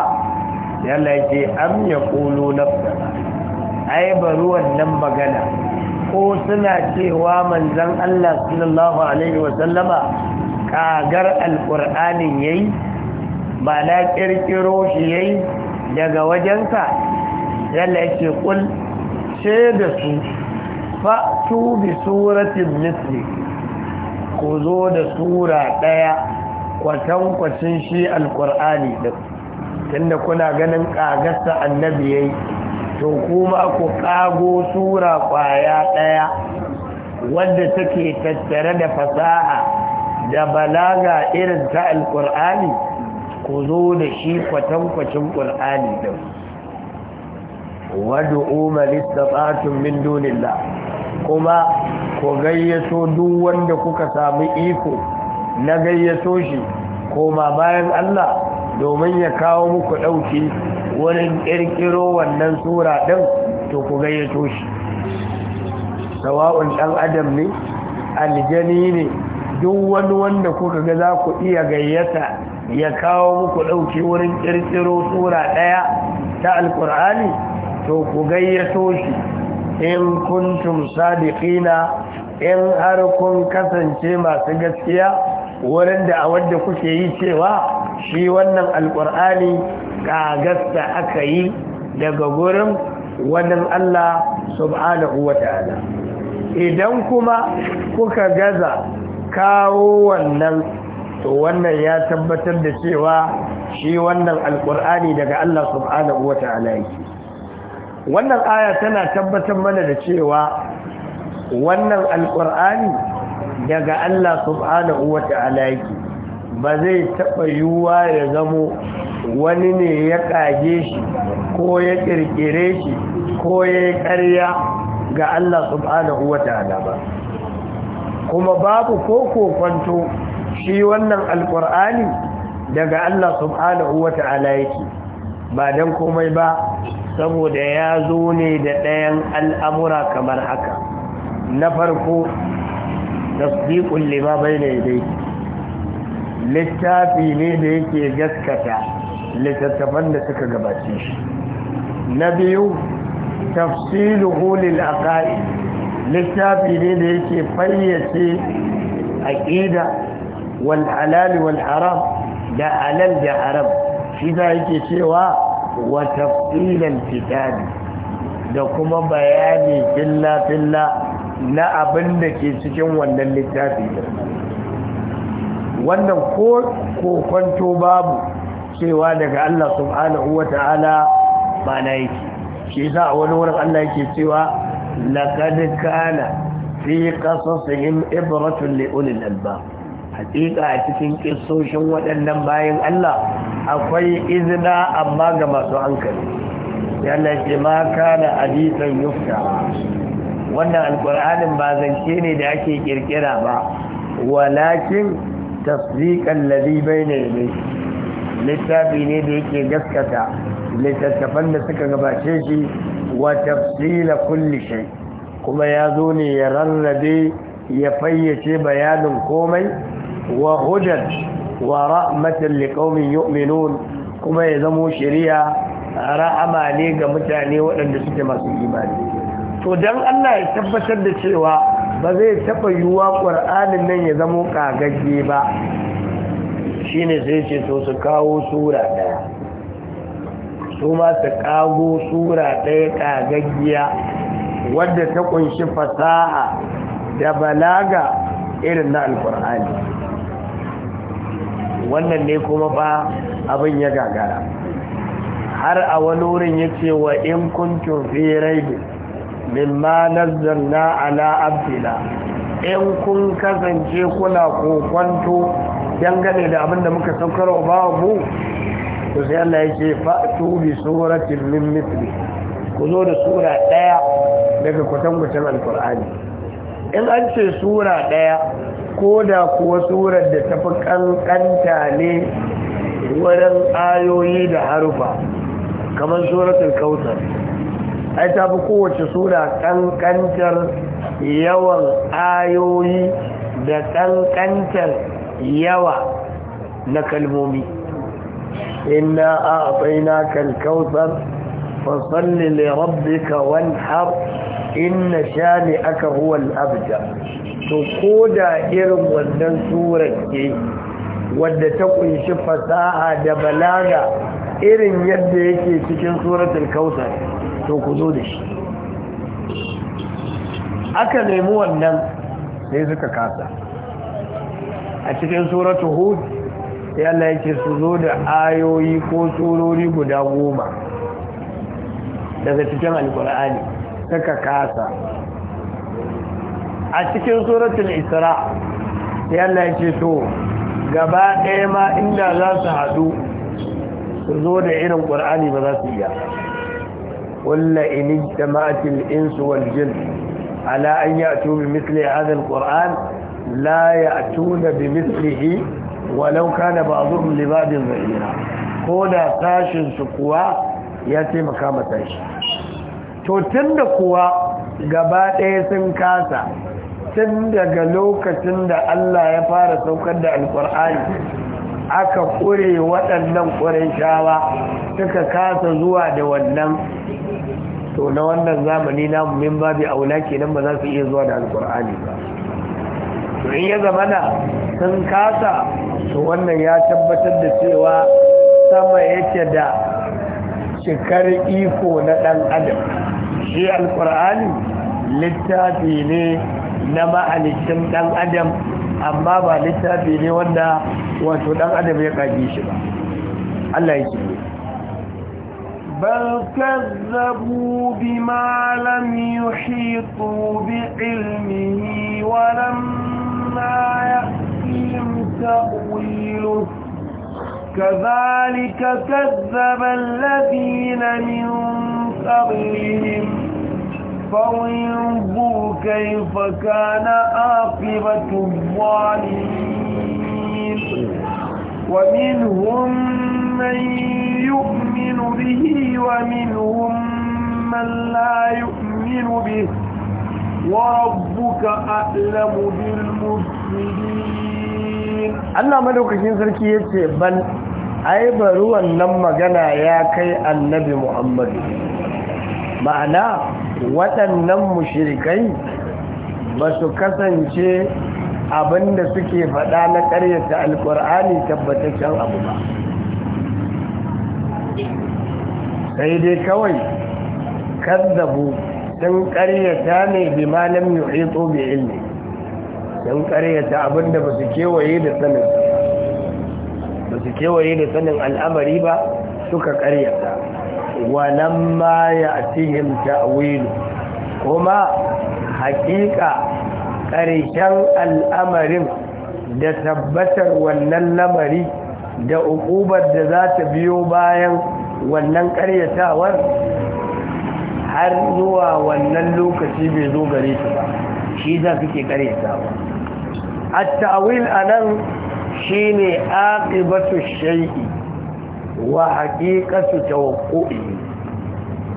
yalla ce am ya ƙulu nafsara ai ba nan magana ko suna cewa manzan Allah sallallahu Alaihi wasallama kagar alƙur'anin ya yi ba na ƙirƙiro shi ya yi daga wajensa yalla yake ƙul ce da su fa tubi suratin misli ku zo da sura ɗaya kwatankwacin shi alƙur'ani ɗin tunda kuna ganin ƙagarsa annabi ya yi to kuma ku kago sura kwaya daya wadda take tattare da fasaha da balaga irin ta alkur'ani ku zo da shi kwatankwacin ƙur'ani din wadda umar istafatun min dunillah kuma ku gayyato duk wanda kuka samu iko na gayyato shi koma bayan allah domin ya kawo muku ɗauke. wurin kirkiro wannan sura din to ku gayyato shi sawa'un ɗan adam ne aljani ne duk wani wanda kuka ga za ku iya gayyata ya kawo muku ɗauki wurin kirkiro sura ɗaya ta alkur'ani to ku gayyato shi in kuntum sadiqina in har kun kasance masu gaskiya wurin da a wanda kuke yi cewa shi wannan alkur'ani ƙagas aka yi daga gurin wannan Allah subhanahu wa ta'ala idan kuma kuka gaza kawo wannan to wannan ya tabbatar da cewa shi wannan alƙur'ani daga Allah subhanahu wa ta'ala yake wannan aya tana tabbatar mana da cewa wannan alƙur'ani daga Allah subhanahu wa ta'ala yake ba zai taɓa yiwuwa ya zamo wani ne ya ƙage shi ko ya ƙirƙire shi ko ya yi ƙarya ga Allah subhanahu wa ta'ala ba kuma babu ko kofanto shi wannan alƙur'ani daga Allah subhanahu wa ta'ala yake ba don komai ba saboda ya zo ne da ɗayan al'amura kamar haka na farko tasdiqul lima bayna yadayhi littafi ne da yake gaskata littattafan da suka gabace shi na biyu tafsilu hulil aqaid littafi ne da yake fayyace aqida wal halal wal haram da halal da haram shi da yake cewa wa tafsiran fitari. da kuma bayani filla filla na abin da ke cikin wannan littafi wannan ko kwanto babu cewa daga Allah subhanahu wa ta'ala mana yake shi yasa a wani wurin Allah yake cewa laqad kana fi qasasihim ibratun li ulil albab hakika a cikin ƙisoshin waɗannan bayan Allah akwai izina amma ga masu hankali yana ce ma hadisan yufta wannan alƙur'anin ba zance ne da ake ƙirƙira ba walakin tasdiqan ne bayna yadayhi littafi ne da yake gaskata littattafan da suka gabace shi wa tafsila kulli shay kuma ya zo ne ya rarrabe ya fayyace bayanin komai wa hudan wa rahmatan liqaumin kuma ya zamo shiriya ra'ama ne ga mutane waɗanda suke masu imani to dan Allah ya tabbatar da cewa ba zai taɓa yiwuwa ƙwar'anin nan ya zamo ƙagagge ba shi ne sai ce to su kawo sura ɗaya su ma su ƙago sura ɗaya ƙagaggiya wadda ta ƙunshi fasaha da balaga irin na alƙwar'ani wannan ne kuma ba abin ya gagara har a wani wurin ya ce wa in kuntun fi raibin mimma nazzalna ala abdina in kun kasance kuna kokwanto dangane da abinda muka saukar wa babu to sai Allah ya ce fa'tu bi suratin min mithli ku zo da sura daya daga kwatankwacin alqur'ani in an ce sura daya ko da kuwa surar da tafi kankanta ne wurin ayoyi da harufa kamar suratul kautsar ai ta fi kowace sura kankantar yawan ayoyi da kankantar yawa na kalmomi inna a tsaina kalkautar fasalli le rabbika wanhar inna shani aka huwal abda to ko da irin wannan surar ke wadda ta kunshi fasaha da balaga irin yadda yake cikin suratul kautar to ku zo da shi aka nemi wannan sai suka kasa a cikin suratu hud sai Allah yake su zo da ayoyi ko surori guda goma daga cikin alkur'ani suka kasa a cikin suratul isra sai Allah yake to gaba ɗaya ma inda za su haɗu su zo da irin ƙur'ani ba za su iya قل إن اجتمعت الإنس والجن على أن يأتوا بمثل هذا القرآن لا يأتون بمثله ولو كان بعضهم لبعض ظهيرا كودا تاشن سكوا ياتي مكامة تاشن to tunda kuwa gaba ɗaya sun kasa tun daga lokacin da Allah ya fara saukar da alkur'ani aka ƙure waɗannan ƙurin shawa suka kasa zuwa da wannan to na wannan zamani na min babi aula kenan ba za su iya zuwa da alkur'ani ba to in ya zamana sun kasa to wannan ya tabbatar da cewa sama yake da cikar iko na ɗan adam shi alkur'ani littafi ne na ma'alikin ɗan adam amma ba littafi ne wanda wato ɗan adam ya kage shi ba Allah ya ji بل كذبوا بما لم يحيطوا بعلمه ولما يأتيهم تأويله كذلك كذب الذين من قبلهم فانظر كيف كان عاقبة الظالمين ومنهم من يؤمن به ومنهم من لا يؤمن به وربك أعلم بالمفسدين الله ملوك sarki yace ban ai bari wannan magana ya kai annabi Muhammadu ma'ana waɗannan mushirikai ba su kasance abinda suke faɗa na ƙaryata alƙur'ani tabbataccen abu ba sai dai kawai kazzabu sun karyata ne bi malam yuhito bi ilmi sun karyata abinda ba su kewaye da sanin ba su kewaye da sanin al'amari ba suka karyata walamma ya'tihim ta'wilu kuma hakika ƙarshen al'amarin da tabbatar wannan lamari da ukubar da za ta biyo bayan wannan karyatawar har zuwa wannan lokaci bai zo gare su ba shi za su ke karyatawa a ta'awil a nan shi ne aƙibatu shai'i wa haƙiƙasu tawakko'i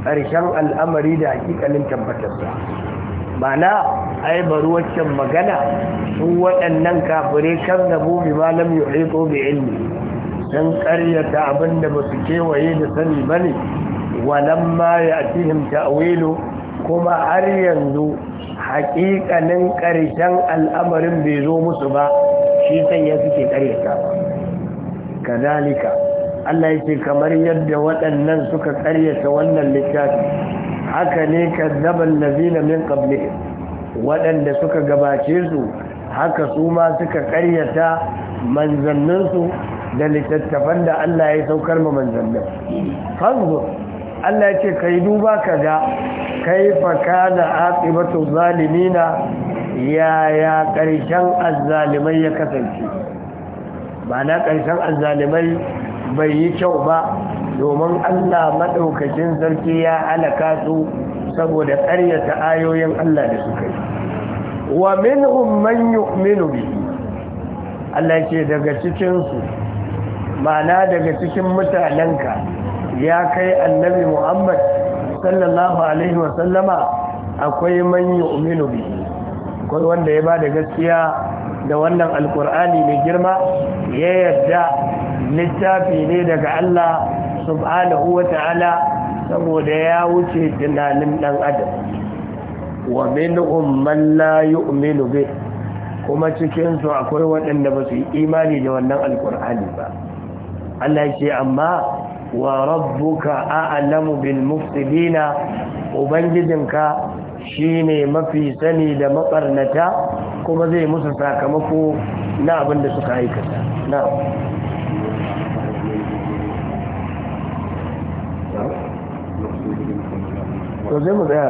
ƙarshen al'amari da haƙiƙanin tabbatar ba na aibaru waccan magana su waɗannan kafirai kan zabo bi malam yi bi ilmi Sun karyata abin da ba su kewaye da sani ba ne ma ya atihim ta'wilu kuma har yanzu haƙiƙanin ƙarshen al'amarin bai zo musu ba shi sanya suke karyata ba kadalika Allah yake kamar yadda waɗannan suka karyata wannan littafi haka ne kazzaban lazina min qablihim waɗanda suka gabace su haka su ma suka ƙaryata manzanninsu da littattafan da Allah ya saukar ma manzannin fanzur Allah ya ce ka yi duba ka ga faka da aqibatu zalimina yaya ƙarshen azzalimai ya kasance ba na ƙarshen azzalimai bai yi kyau ba domin Allah maɗaukacin sarki ya halaka su saboda ƙaryata ayoyin Allah da suka yi wa min man yu'minu Allah ce daga cikinsu ma'ana daga cikin mutanenka ya kai annabi muhammad sallallahu alaihi wasallama akwai man uminu bihi akwai wanda ya ba da gaskiya da wannan alkur'ani mai girma ya yarda littafi ne daga allah subhanahu wa ta'ala saboda ya wuce tunanin dan adam wa minhum man la yu'minu bihi kuma cikinsu akwai waɗanda ba su yi imani da wannan alkur'ani ba Allah ya ce amma wa rabbuka a'lamu bil mufsidina ubangijinka shine mafi sani da makarnata kuma zai musu sakamako na abin da suka aikata na to zai mu tsaya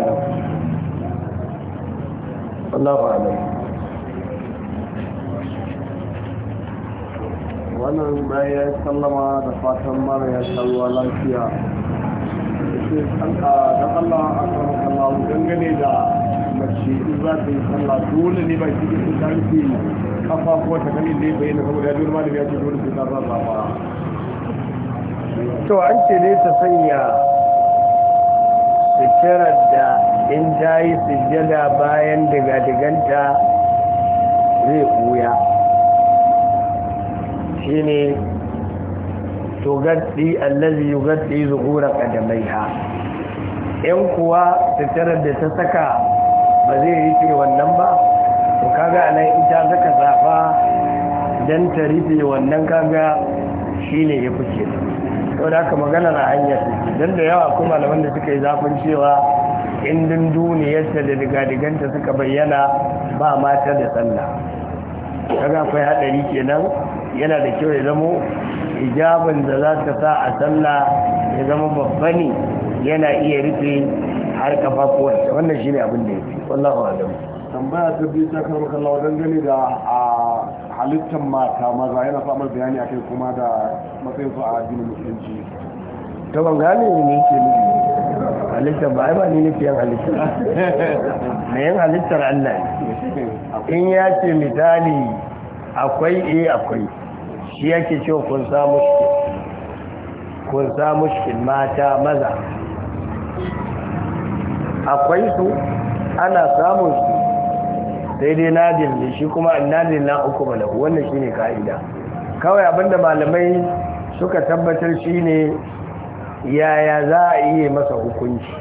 Allah wannan bayan sallama da fatan mara ya salwa lafiya da Allah a karfafa Allah dangane da mace in za ta yi sallah dole ne ba shi su ta rufe kafa ko ta gani da ya bayyana saboda yajiyar ma da ya ce dole sai ta rasa ba to an ce ne ta sanya sukirar da in ta yi sujjada bayan daga-daganta zai ɓuya shine tugaddi allazi yugaddi zuhura kadamaiha yan kuwa tattarar da ta saka ba zai rike wannan ba to kaga anan ita zaka zafa dan ta rike wannan kaga shine ya fice to da haka magana na hanyar dan da yawa kuma malaman da suka yi zafin cewa in ta da digadiganta suka bayyana ba mata da sallah kaga akwai hadari kenan yana da kyau ya zama hijabin da za ka sa a sallah ya zama babba ne yana iya rufe har kafa kowace wannan shi ne abin da ya fi wallahu alam tambaya ta biyu ta kan kalla wajen dangane da a halittar mata maza yana samar bayani akai kuma da matsayin su a addinin musulunci ta ban gane ne ke nufi halittar ba ai ba ni nufi yan halittar na yan halittar Allah in ya ce misali akwai eh akwai shi yake ce kun sa mushkil kun sa mushkil mata maza akwai su ana samun su sai dai nadir shi kuma nadir na uku balahu wannan shine ka'ida kawai abinda malamai suka tabbatar shine yaya za a iya masa hukunci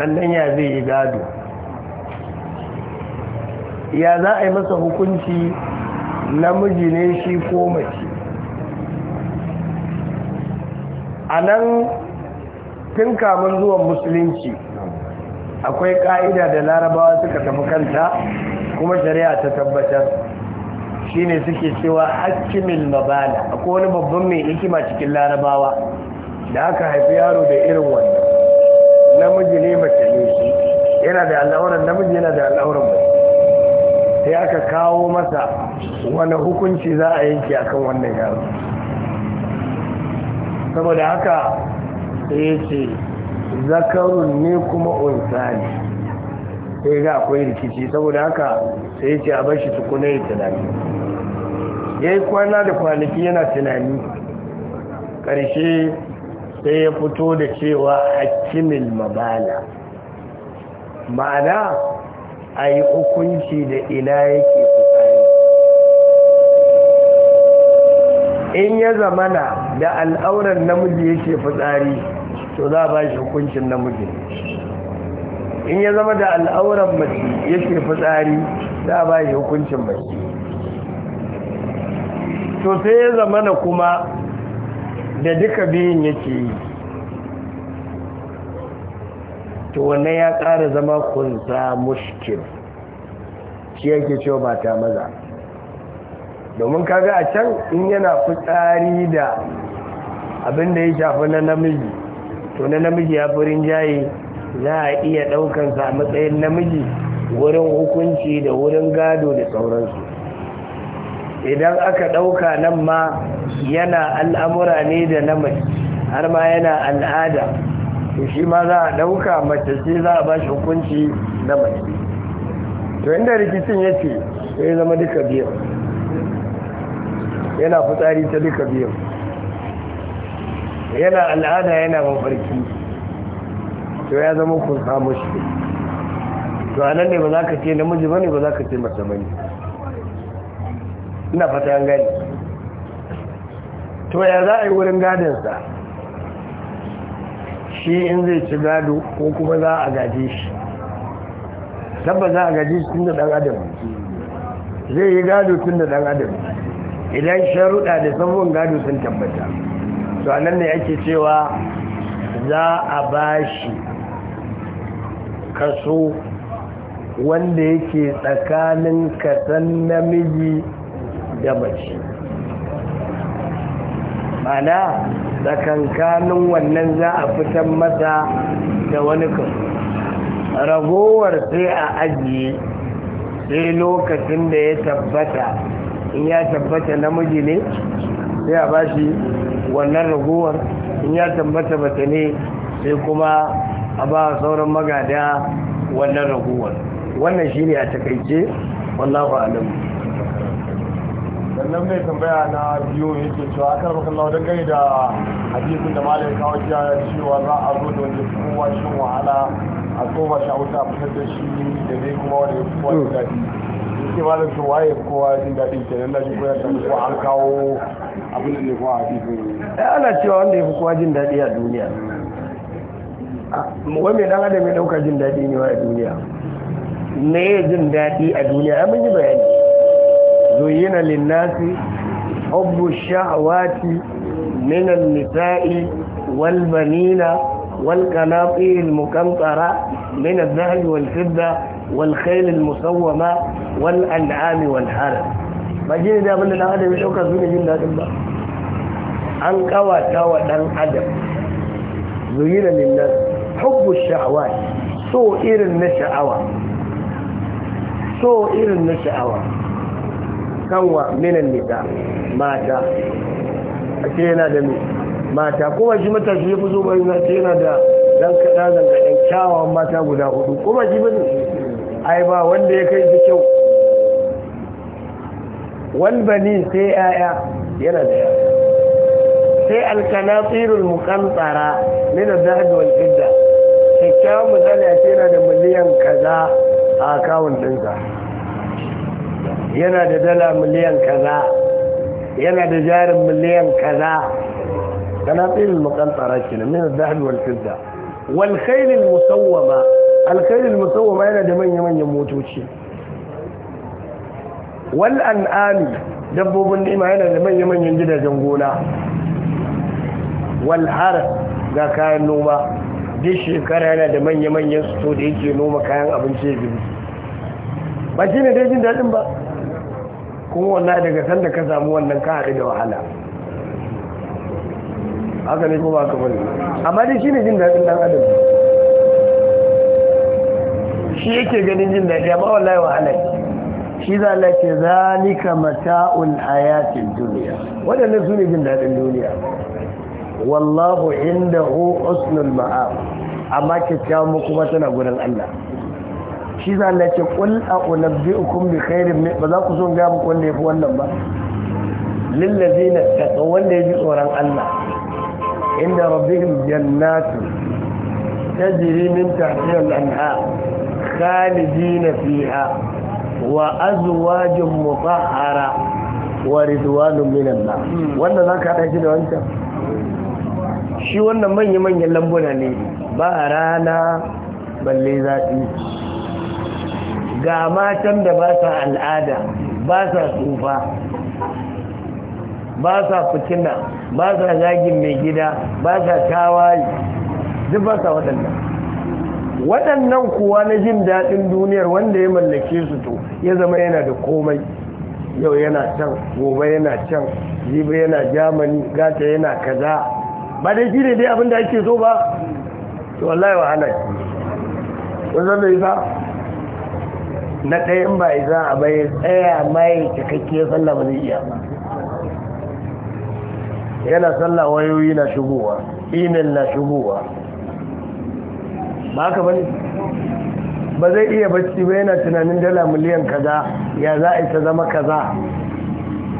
sannan ya zai yi gado ya za a yi masa hukunci namiji ne shi ko mace a nan tun kamun zuwan musulunci akwai ka'ida da larabawa suka tafi kanta kuma shari'a ta tabbatar shine suke cewa hakimin mabala akwai wani babban mai hikima cikin larabawa da aka haifi yaro da irin wannan namiji ne mace ne shi yana da al'auran namiji yana da al'auran mace sai aka kawo masa wani hukunci za a yanke akan wannan yaro saboda haka sai ya ce zakarun ne kuma unsani ne sai ga akwai rikici saboda haka sai ya ce a bashi tukuna ya tunani ya yi kwana da kwanaki yana tunani ƙarshe sai ya fito da cewa hakimin mabala ma'ana a yi hukunci da ila yake fitsari in ya zamana da al'auran namiji yake fitsari to za a ba shi hukuncin namiji in ya zama da al'auran mace yake fitsari za a ba shi hukuncin mace to sai ya zamana kuma da duka biyun yake yi to wannan ya ƙara zama kunsa mushkil shi yake cewa ta maza domin kaga a can in yana fitsari da abinda ya shafi na namiji to na namiji ya furin jaye za a iya ɗaukansa a matsayin namiji wurin hukunci da wurin gado da sauransu idan aka ɗauka nan ma yana al'amura ne da namiji, har ma yana al'ada to shi ma za a ɗauka mace ce za a ba shi hukunci na mace to inda rikicin ya ce to ya zama duka biyan yana fitsari ta duka biyan yana al'ada yana mafarki to ya zama kun samu shi to anan ne ba za ka ce namiji ne ba za ka ce mace ne. ina fata gani to ya za a yi wurin gadinsa shi in zai ci gado ko kuma za a gaje shi tabba za a gaje shi tun da ɗan adam zai yi gado tun da ɗan adam idan sharuɗa da sabon gado sun tabbata to a nan ne ake cewa za a ba shi kaso wanda yake tsakanin kasan namiji da mace mana tsakankanin wannan za a fitan mata da wani kan ragowar sai a ajiye sai lokacin da ya tabbata in ya tabbata namiji ne sai a bashi wannan ragowar in ya tabbata bata ne sai kuma a ba sauran magada wannan ragowar wannan shi ne a takaice wallahu alamu sannan mai tambaya na biyu yake cewa akar maka Allah don gani da hadisin da malai kawo ce cewa za a zo da wani kowa shin wahala a tsoba shi a wuta a fitar da shi da dai kuma wani ya kowa da daɗi yake malam su waye kowa jin daɗi ke nan lashi koyar da kowa an kawo abin da ne kowa hadisin eh, ana cewa wanda ya fi kowa jin daɗi a duniya wai mai dan adam ya ɗauka jin daɗi ne wa a duniya me jin daɗi a duniya ya mun yi bayani زين للناس حب الشهوات من النساء والبنين والقناطير المقنطرة من الذهب والفضة والخيل المصومة والأنعام والحرث فجيني ده من الأدب يشوكا زين جين ده كبا أن قوى تاوى دان أدب زين للناس حب الشهوات سوء إير النشأوة سوء إير النشأوة kanwa minan nisa mata a ce yana da mai mata kuma shi mata shi ya fi so bayan na ce yana da dan kaɗa zanga ɗan kyawawan mata guda hudu kuma shi bin ai ba wanda ya kai shi kyau wani bani sai yaya yana da yaya sai mukan tsara ne da zahabi wal fidda kyakkyawan misali a ce yana da miliyan kaza a akawun ɗinsa yana da dala miliyan kaza yana da jarin miliyan kaza kana tsirin makantara ke na min zahabi wal fidda wal khailin musawwama al khailin musawwama yana da manya manyan motoci wal an'ami dabbobin nima yana da manya manyan gidajen gona wal har ga kayan noma duk shekara yana da manya manyan su to da yake noma kayan abinci ya gidi ba shi ne dajin daɗin ba kuma wannan daga sanda ka samu wannan ka haɗu da wahala haka ne kuma aka bari amma dai ne jin daɗin ɗan adam shi yake ganin jin daɗi amma wallahi wahala shi za Allah ce zalika mata'ul ayatin duniya wadannan su ne jin daɗin duniya wallahu inda hu usnul ma'a amma kyakkyawan kuma tana gurin Allah shi za Allah a qul a'unabbi'ukum bi khairin ba za ku so ga muku wanda fi wannan ba lil na taqaw wanda ya ji tsoron Allah inda rabbihim jannatu tajri min tahtiha al-anhar khalidina fiha wa azwajun mutahhara wa ridwanun min Allah wanda ka hada shi da wancan shi wannan manya-manyan lambuna ne ba a rana balle zafi ga matan da ba sa al'ada ba sa tsufa ba sa fitina ba sa zagin mai gida ba sa duk ba sa waɗannan waɗannan kuwa na jin daɗin duniyar wanda ya mallake su to ya zama yana da komai yau yana can gobe yana can jibi yana jamani gata yana kaza ba dai shi ne dai abinda ake so ba to wallahi wahala ce wanzan da ba na ɗaya ba a za a bai tsaya mai cikakkiyar sallah ba zai iya ba. yana sallah wayoyi na shigowa imel na shigowa ba haka bane ba zai iya bacci ba yana tunanin dala miliyan kaza ya za a yi ta zama kaza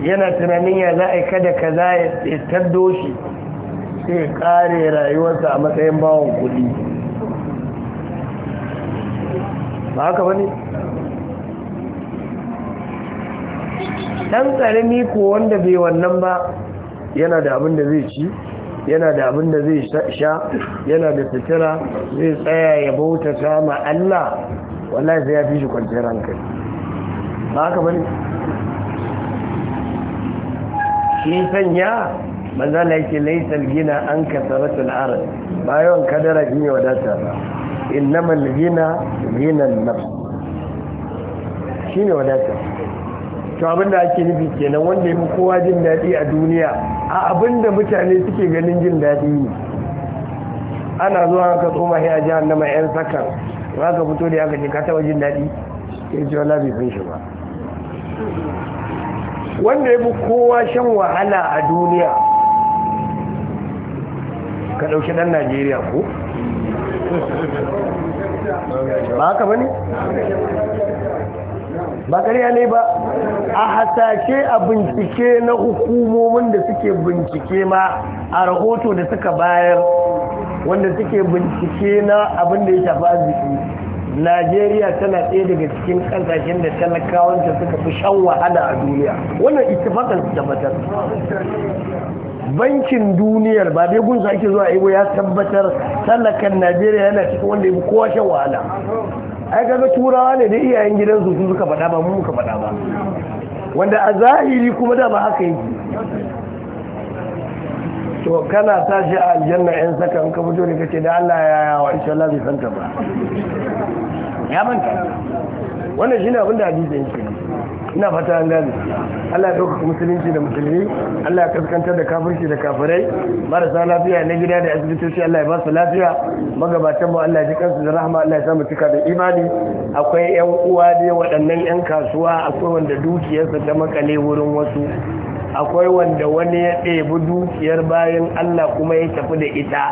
yana tunanin ya za a yi kada kaza ya taddo shi sai kare rayuwarsa a matsayin bawon kudi ba haka bane dan karami ko wanda bai wannan ba yana da abin da zai ci yana da abin da zai sha yana da sutura zai tsaya ya bauta sama Allah wallahi sai ya fi shi kwanciyar hankali ba ka bane shi sanya manzo la yake laisal gina an kasaratul arad ba yawan kadara shine wadata ba innamal gina gina nafs shine wadata to da ake nufi kenan wanda ya fi kowa jin daɗi a duniya a abinda mutane suke ganin jin daɗi ne ana zuwa haka tsoma ya ji na mai 'yan sakan za ka fito da ya ce ka taɓa jin daɗi ya ji wala bai fi shi ba wanda ya fi kowa shan wahala a duniya ka ɗauki ɗan najeriya ko ba haka ba ne ba ƙarya ne ba a hasashe a bincike na hukumomin da suke bincike ma a rahoto da suka bayar wanda suke bincike na abin da ya shafi arziki najeriya tana ɗaya daga cikin ƙasashen da talakawanta suka fi shan wahala a duniya wannan ittifakan su tabbatar bankin duniyar ba dai gunsa ake zuwa ibo ya tabbatar talakan najeriya yana cikin wanda ya fi kowa shan wahala ai kaga turawa ne da iyayen gidansu su suka faɗa ba mu muka faɗa ba wanda a zahiri kuma da ba haka yake to kana sa shi a aljanna yan saka in ka fito ne kace da Allah ya yawa insha Allah bai ka ba ya manta wannan shine abin da hadisin yake ina fata an gane Allah ya ɗaukaka musulunci da musulmi Allah ya kaskantar da kafirci da kafirai marasa lafiya na gida da asibitoci Allah ya ba su lafiya magabatan mu Allah ya ji kansu da rahama Allah ya samu cika da imani akwai yan uwa ne waɗannan yan kasuwa akwai wanda dukiyarsa ta makale wurin wasu akwai wanda wani ya ɗebi dukiyar bayan Allah kuma ya tafi da ita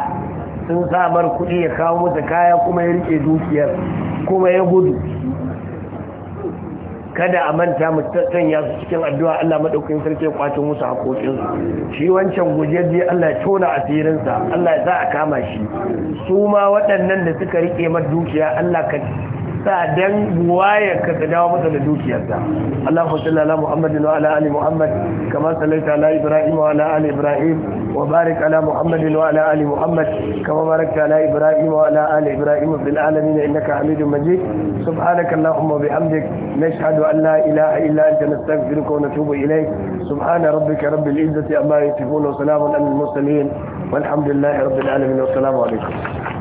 sun samar kuɗi ya kawo musu kaya kuma ya rike dukiyar kuma ya gudu kada a manta mu sanya su cikin addu'a Allah madaukakin sarki ya kwato musu hakokin su shi wancan gujeje Allah ya tona asirin sa Allah ya sa a kama shi su ma waɗannan da suka rike mad dukiya Allah ka sa dan buwayar ka ta dawo masa da dukiyarta Allahu salli ala Muhammadin wa ala ali Muhammad kama sallaita ala Ibrahim wa ala ali Ibrahim wa barik ala Muhammadin wa ala ali Muhammad kama barakta ala Ibrahim wa ala ali Ibrahim fil alamin innaka Hamidum Majid subhanaka Allahumma bihamdik nashhadu an la ilaha illa anta nastaghfiruka wa natubu ilayk subhana rabbika rabbil izzati amma yasifun wa salamun mursalin والحمد لله رب العالمين والسلام عليكم